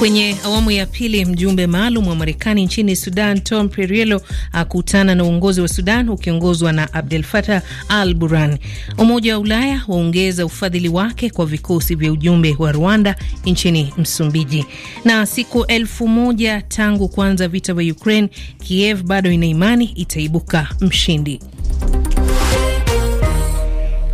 Kwenye awamu ya pili, mjumbe maalum wa Marekani nchini Sudan Tom Perriello akutana na uongozi wa Sudan ukiongozwa na Abdel Fattah al Burhan. Umoja wa Ulaya waongeza ufadhili wake kwa vikosi vya ujumbe wa Rwanda nchini Msumbiji. Na siku elfu moja tangu kuanza vita vya Ukraine, Kiev bado ina imani itaibuka mshindi.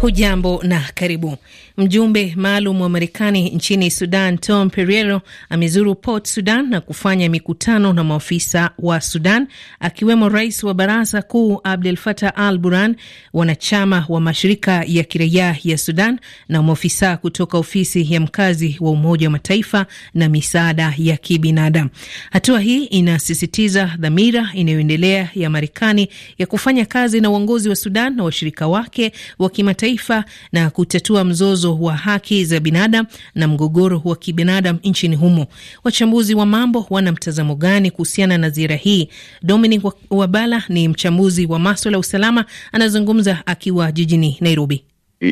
Hujambo na karibu. Mjumbe maalum wa Marekani nchini Sudan Tom Perriello amezuru Port Sudan na kufanya mikutano na maafisa wa Sudan akiwemo rais wa baraza kuu Abdel Fattah al Burhan, wanachama wa mashirika ya kiraia ya Sudan na maafisa kutoka ofisi ya mkazi wa Umoja wa Mataifa na misaada ya kibinadamu. Hatua hii inasisitiza dhamira inayoendelea ya Marekani ya kufanya kazi na uongozi wa Sudan na washirika wake wa kimataifa na kutatua mzozo mzozo wa haki za binadamu na mgogoro wa kibinadamu nchini humo. Wachambuzi wa mambo wana mtazamo gani kuhusiana na ziara hii? Dominic Wabala ni mchambuzi wa maswala ya usalama, anazungumza akiwa jijini Nairobi.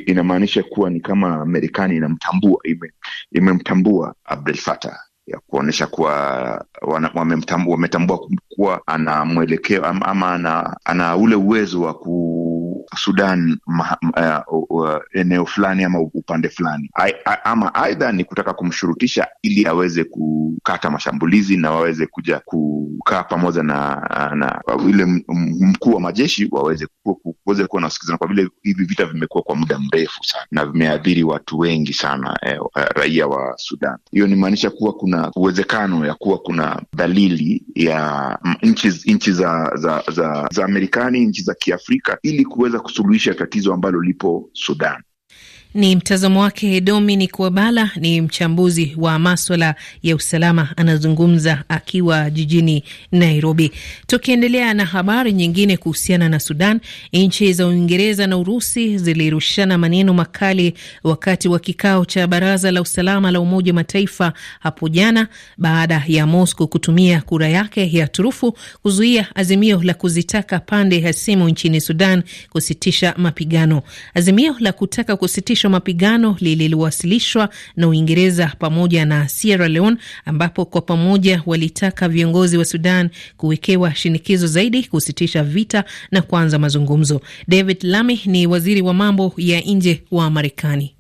Inamaanisha kuwa ni kama Marekani inamtambua, imemtambua Abdel Fattah ya kuonyesha kuwa wametambua, wametambua kuwa ana mwelekeo ama ana, ana ule uwezo wa ku Sudan ma, uh, uh, eneo fulani ama upande fulani, ama aidha ni kutaka kumshurutisha ili aweze kukata mashambulizi na waweze kuja kukaa pamoja na, na ule mkuu wa majeshi waweze kuweza kuwa na kwa vile hivi vita vimekuwa kwa muda mrefu sana na vimeathiri watu wengi sana eh, raia wa Sudan. Hiyo nimaanisha kuwa kuna uwezekano ya kuwa kuna dalili ya mm, nchi za za za, za Marekani, nchi za Kiafrika ili kuweza kusuluhisha tatizo ambalo lipo Sudan. Ni mtazamo wake Dominic Wabala, ni mchambuzi wa maswala ya usalama, anazungumza akiwa jijini Nairobi. Tukiendelea na habari nyingine kuhusiana na Sudan, nchi za Uingereza na Urusi zilirushana maneno makali wakati wa kikao cha Baraza la Usalama la Umoja wa Mataifa hapo jana baada ya Moscow kutumia kura yake ya turufu kuzuia azimio la kuzitaka pande hasimu nchini Sudan kusitisha mapigano. Azimio la kutaka kusitisha sitisho mapigano lililowasilishwa na Uingereza pamoja na Sierra Leone, ambapo kwa pamoja walitaka viongozi wa Sudan kuwekewa shinikizo zaidi kusitisha vita na kuanza mazungumzo. David Lammy ni waziri wa mambo ya nje wa Marekani.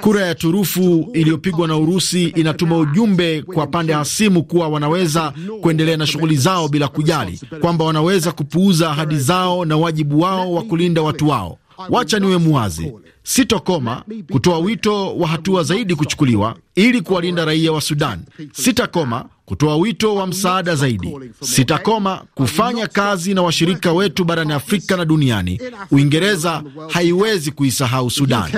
Kura ya turufu iliyopigwa na Urusi inatuma ujumbe kwa pande hasimu kuwa wanaweza kuendelea na shughuli zao bila kujali, kwamba wanaweza kupuuza ahadi zao na wajibu wao wa kulinda watu wao. Wacha niwe muwazi sitokoma kutoa wito wa hatua zaidi kuchukuliwa ili kuwalinda raia wa Sudan. Sitakoma kutoa wito wa msaada zaidi. Sitakoma kufanya kazi na washirika wetu barani Afrika na duniani. Uingereza haiwezi kuisahau Sudan.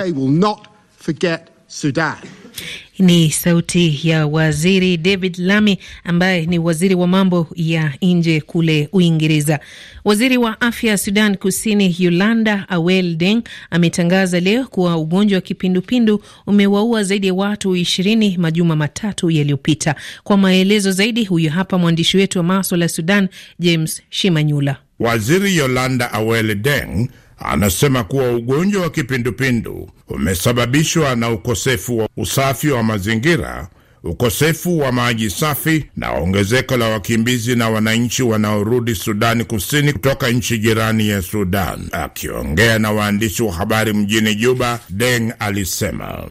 Ni sauti ya waziri David Lamy ambaye ni waziri wa mambo ya nje kule Uingereza. Waziri wa afya Sudan Kusini Yolanda Awel Deng ametangaza leo kuwa ugonjwa wa kipindupindu umewaua zaidi ya watu ishirini majuma matatu yaliyopita. Kwa maelezo zaidi, huyu hapa mwandishi wetu wa maswala ya Sudan James Shimanyula. Waziri Yolanda Awel Deng anasema kuwa ugonjwa wa kipindupindu umesababishwa na ukosefu wa usafi wa mazingira ukosefu wa maji safi na ongezeko la wakimbizi na wananchi wanaorudi Sudani Kusini kutoka nchi jirani ya Sudan. Akiongea na waandishi wa habari mjini Juba, Deng alisema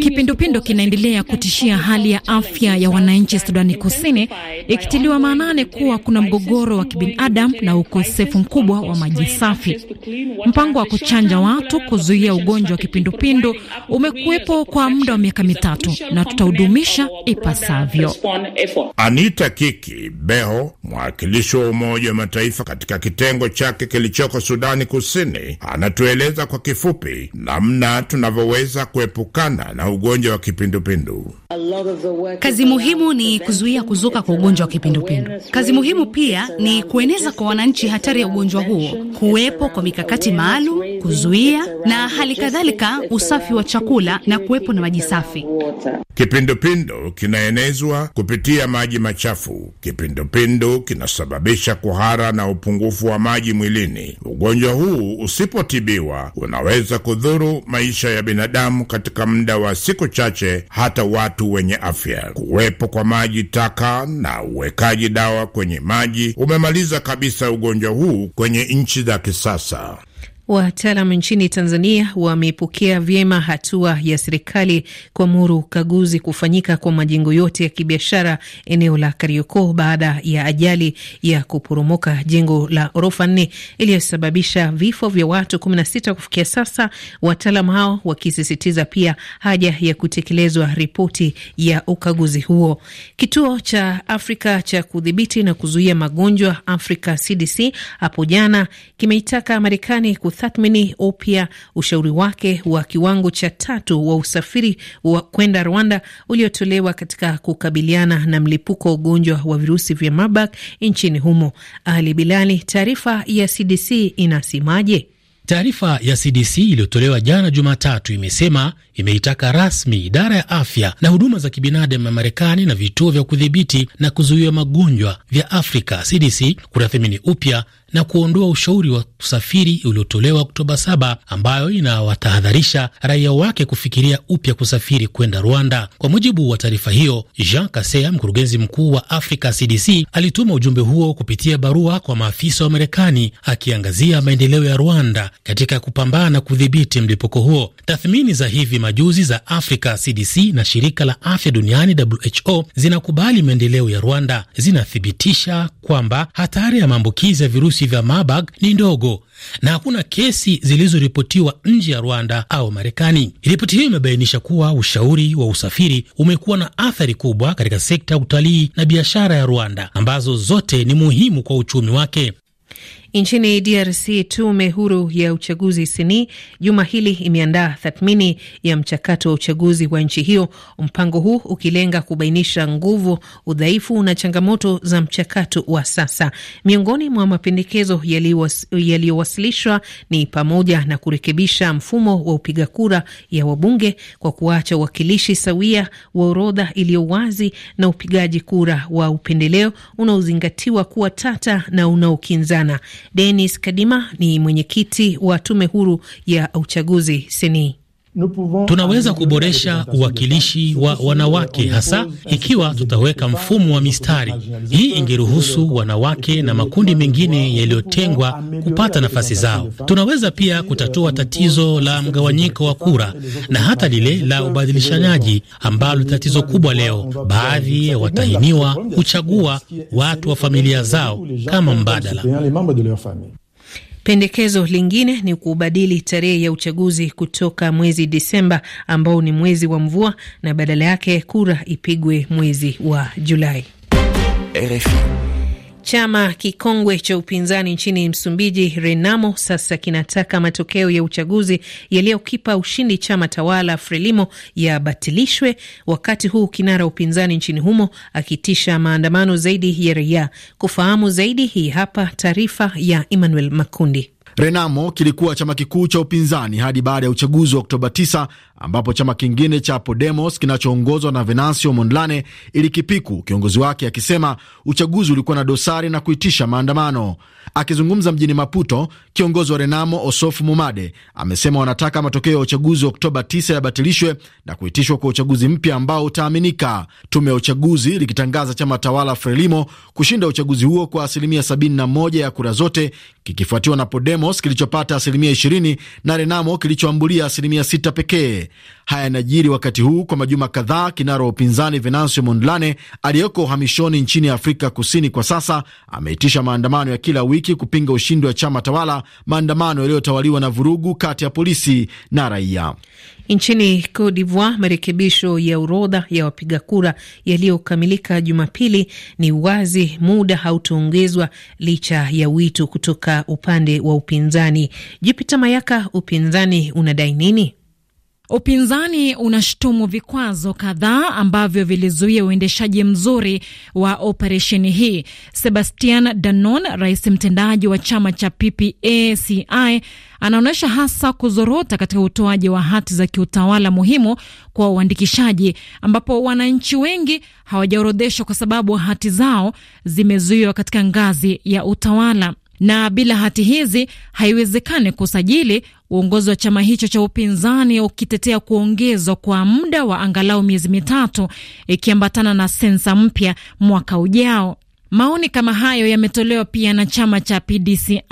kipindupindu kinaendelea kutishia hali ya afya ya wananchi Sudani Kusini, ikitiliwa maanane kuwa kuna mgogoro wa kibinadamu na ukosefu mkubwa wa maji safi. Mpango wa kuchanja watu kuzuia ugonjwa wa kipindupindu umekuwepo kwa muda wa miaka mitatu na tutahudumisha kuimarisha ipasavyo. Anita Kiki Beho, mwakilishi wa Umoja wa Mataifa katika kitengo chake kilichoko Sudani Kusini, anatueleza kwa kifupi namna tunavyoweza kuepukana na ugonjwa wa kipindupindu. Kazi muhimu ni kuzuia kuzuka kwa ugonjwa wa kipindupindu. Kazi muhimu pia ni kueneza kwa wananchi hatari ya ugonjwa huo, kuwepo kwa mikakati maalum kuzuia na hali kadhalika usafi wa chakula na kuwepo na maji safi. Kipindupindu kinaenezwa kupitia maji machafu. Kipindupindu kinasababisha kuhara na upungufu wa maji mwilini. Ugonjwa huu usipotibiwa, unaweza kudhuru maisha ya binadamu katika muda wa siku chache, hata watu wenye afya. Kuwepo kwa maji taka na uwekaji dawa kwenye maji umemaliza kabisa ugonjwa huu kwenye nchi za kisasa. Wataalamu nchini Tanzania wamepokea vyema hatua ya serikali kuamuru ukaguzi kufanyika kwa majengo yote ya kibiashara eneo la karioko baada ya ajali ya kuporomoka jengo la ghorofa nne iliyosababisha vifo vya watu 16 kufikia sasa, wataalam hao wakisisitiza pia haja ya kutekelezwa ripoti ya ukaguzi huo. Kituo cha Afrika cha kudhibiti na kuzuia magonjwa Afrika CDC hapo jana kimeitaka Marekani kutathmini upya ushauri wake wa kiwango cha tatu wa usafiri wa kwenda Rwanda uliotolewa katika kukabiliana na mlipuko wa ugonjwa wa virusi vya Marburg nchini humo. Ali Bilali, taarifa ya CDC inasemaje? Taarifa ya CDC iliyotolewa jana Jumatatu imesema imeitaka rasmi idara ya afya na huduma za kibinadamu ya Marekani na vituo vya kudhibiti na kuzuia magonjwa vya Afrika CDC kutathmini upya na kuondoa ushauri wa kusafiri uliotolewa Oktoba 7 ambayo inawatahadharisha raia wake kufikiria upya kusafiri kwenda Rwanda. Kwa mujibu wa taarifa hiyo, Jean Kaseya, mkurugenzi mkuu wa Africa CDC, alituma ujumbe huo kupitia barua kwa maafisa wa Marekani akiangazia maendeleo ya Rwanda katika kupambana na kudhibiti mlipuko huo. Tathmini za hivi majuzi za Africa CDC na shirika la afya duniani WHO zinakubali maendeleo ya Rwanda, zinathibitisha kwamba hatari ya maambukizi ya virusi virusi vya Marburg ni ndogo na hakuna kesi zilizoripotiwa nje ya Rwanda au Marekani. Ripoti hiyo imebainisha kuwa ushauri wa usafiri umekuwa na athari kubwa katika sekta ya utalii na biashara ya Rwanda ambazo zote ni muhimu kwa uchumi wake. Nchini DRC, tume huru ya uchaguzi sini e, juma hili imeandaa tathmini ya mchakato wa uchaguzi wa nchi hiyo, mpango huu ukilenga kubainisha nguvu, udhaifu na changamoto za mchakato wa sasa. Miongoni mwa mapendekezo yaliyowasilishwa ni pamoja na kurekebisha mfumo wa upiga kura ya wabunge kwa kuacha uwakilishi sawia wa orodha iliyo wazi na upigaji kura wa upendeleo unaozingatiwa kuwa tata na unaokinzana. Denis Kadima ni mwenyekiti wa tume huru ya uchaguzi seni Tunaweza kuboresha uwakilishi wa wanawake hasa ikiwa tutaweka mfumo wa mistari. Hii ingeruhusu wanawake na makundi mengine yaliyotengwa kupata nafasi zao. Tunaweza pia kutatua tatizo la mgawanyiko wa kura na hata lile la ubadilishanaji ambalo tatizo kubwa leo. Baadhi ya watahiniwa huchagua watu wa familia zao kama mbadala. Pendekezo lingine ni kubadili tarehe ya uchaguzi kutoka mwezi Disemba ambao ni mwezi wa mvua na badala yake kura ipigwe mwezi wa Julai. RFI. Chama kikongwe cha upinzani nchini Msumbiji, Renamo, sasa kinataka matokeo ya uchaguzi yaliyokipa ushindi chama tawala Frelimo yabatilishwe, wakati huu kinara upinzani nchini humo akitisha maandamano zaidi ya raia. Kufahamu zaidi, hii hapa taarifa ya Emmanuel Makundi. Renamo kilikuwa chama kikuu cha upinzani hadi baada ya uchaguzi wa Oktoba 9 ambapo chama kingine cha Podemos kinachoongozwa na Venancio Mondlane ilikipiku, kiongozi wake akisema uchaguzi ulikuwa na dosari na kuitisha maandamano. Akizungumza mjini Maputo, kiongozi wa Renamo Osofu Momade amesema wanataka matokeo ya uchaguzi wa Oktoba 9 yabatilishwe na kuitishwa kwa uchaguzi mpya ambao utaaminika, tume ya uchaguzi likitangaza chama tawala Frelimo kushinda uchaguzi huo kwa asilimia 71 ya kura zote, kikifuatiwa na Podemos kilichopata asilimia 20 na Renamo kilichoambulia asilimia 6 pekee. Haya yanajiri wakati huu kwa majuma kadhaa kinara wa upinzani Venancio Mondlane aliyeko uhamishoni nchini Afrika Kusini kwa sasa ameitisha maandamano ya kila wiki kupinga ushindi wa chama tawala, maandamano yaliyotawaliwa na vurugu kati ya polisi na raia. Nchini Cote d'Ivoire, marekebisho ya orodha ya wapiga kura yaliyokamilika Jumapili ni wazi, muda hautaongezwa licha ya wito kutoka upande wa upinzani. Jupita Mayaka, upinzani unadai nini? Upinzani unashutumu vikwazo kadhaa ambavyo vilizuia uendeshaji mzuri wa operesheni hii. Sebastian Danon, rais mtendaji wa chama cha PPACI, anaonyesha hasa kuzorota katika utoaji wa hati za kiutawala muhimu kwa uandikishaji, ambapo wananchi wengi hawajaorodheshwa kwa sababu hati zao zimezuiwa katika ngazi ya utawala na bila hati hizi haiwezekani kusajili uongozi wa chama hicho cha upinzani ukitetea kuongezwa kwa muda wa angalau miezi mitatu ikiambatana na sensa mpya mwaka ujao. Maoni kama hayo yametolewa pia na chama cha PDCI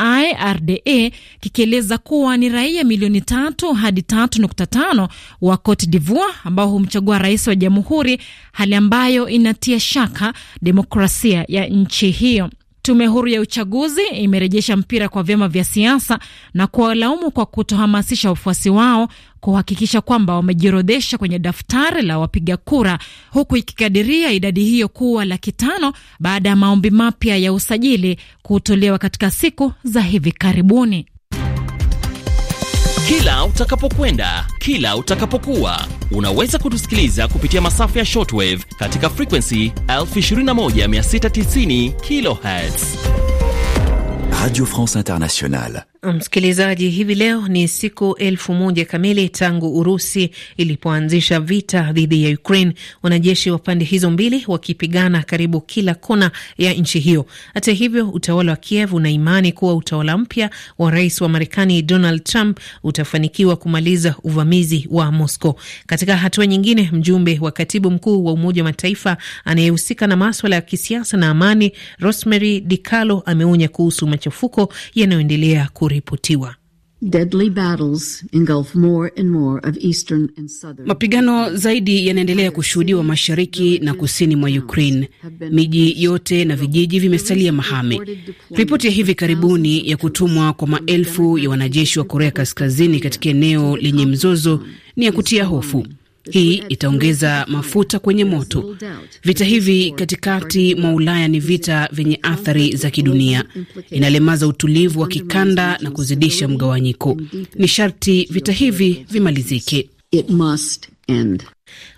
RDA kikieleza kuwa ni raia milioni tatu hadi tatu nukta tano wa Cote d'Ivoire ambao humchagua rais wa jamhuri, hali ambayo inatia shaka demokrasia ya nchi hiyo. Tume huru ya uchaguzi imerejesha mpira kwa vyama vya siasa na kuwalaumu kwa kutohamasisha wafuasi wao kuhakikisha kwamba wamejiorodhesha kwenye daftari la wapiga kura, huku ikikadiria idadi hiyo kuwa laki tano baada ya maombi mapya ya usajili kutolewa katika siku za hivi karibuni. Kila utakapokwenda, kila utakapokuwa, unaweza kutusikiliza kupitia masafa ya shortwave katika frequency 21690 kHz. Radio France Internationale. Msikilizaji, hivi leo ni siku elfu moja kamili tangu Urusi ilipoanzisha vita dhidi ya Ukraine, wanajeshi wa pande hizo mbili wakipigana karibu kila kona ya nchi hiyo. Hata hivyo, utawala wa Kiev una imani kuwa utawala mpya wa rais wa Marekani Donald Trump utafanikiwa kumaliza uvamizi wa Moscow. Katika hatua nyingine, mjumbe wa katibu mkuu wa Umoja wa Mataifa anayehusika na maswala ya kisiasa na amani, Rosemary DiCarlo, ameonya kuhusu machafuko yanayoendelea kuripotiwa. Mapigano zaidi yanaendelea kushuhudiwa mashariki na kusini mwa Ukraine. Miji yote na vijiji vimesalia mahame. Ripoti ya hivi karibuni ya kutumwa kwa maelfu ya wanajeshi wa Korea Kaskazini katika eneo lenye mzozo ni ya kutia hofu. Hii itaongeza mafuta kwenye moto. Vita hivi katikati mwa Ulaya ni vita vyenye athari za kidunia, inalemaza utulivu wa kikanda na kuzidisha mgawanyiko. Ni sharti vita hivi vimalizike.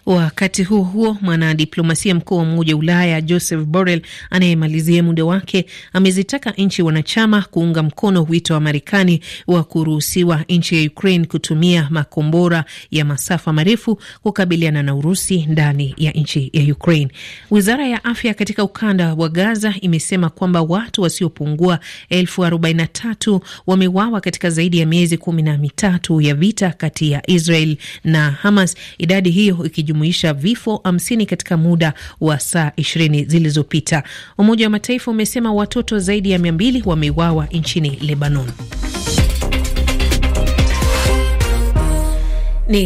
Wakati huo huo, mwanadiplomasia mkuu wa Umoja wa Ulaya Joseph Borrell anayemalizia muda wake amezitaka nchi wanachama kuunga mkono wito wa Marekani wa kuruhusiwa nchi ya Ukraine kutumia makombora ya masafa marefu kukabiliana na Urusi ndani ya nchi ya Ukraine. Wizara ya afya katika ukanda wa Gaza imesema kwamba watu wasiopungua elfu arobaini na tatu wamewawa katika zaidi ya miezi kumi na mitatu ya vita kati ya Israel na Hamas, idadi hiyo ikijumuisha kujumuisha vifo hamsini katika muda wa saa ishirini zilizopita. Umoja wa Mataifa umesema watoto zaidi ya mia mbili wameuawa nchini Lebanon.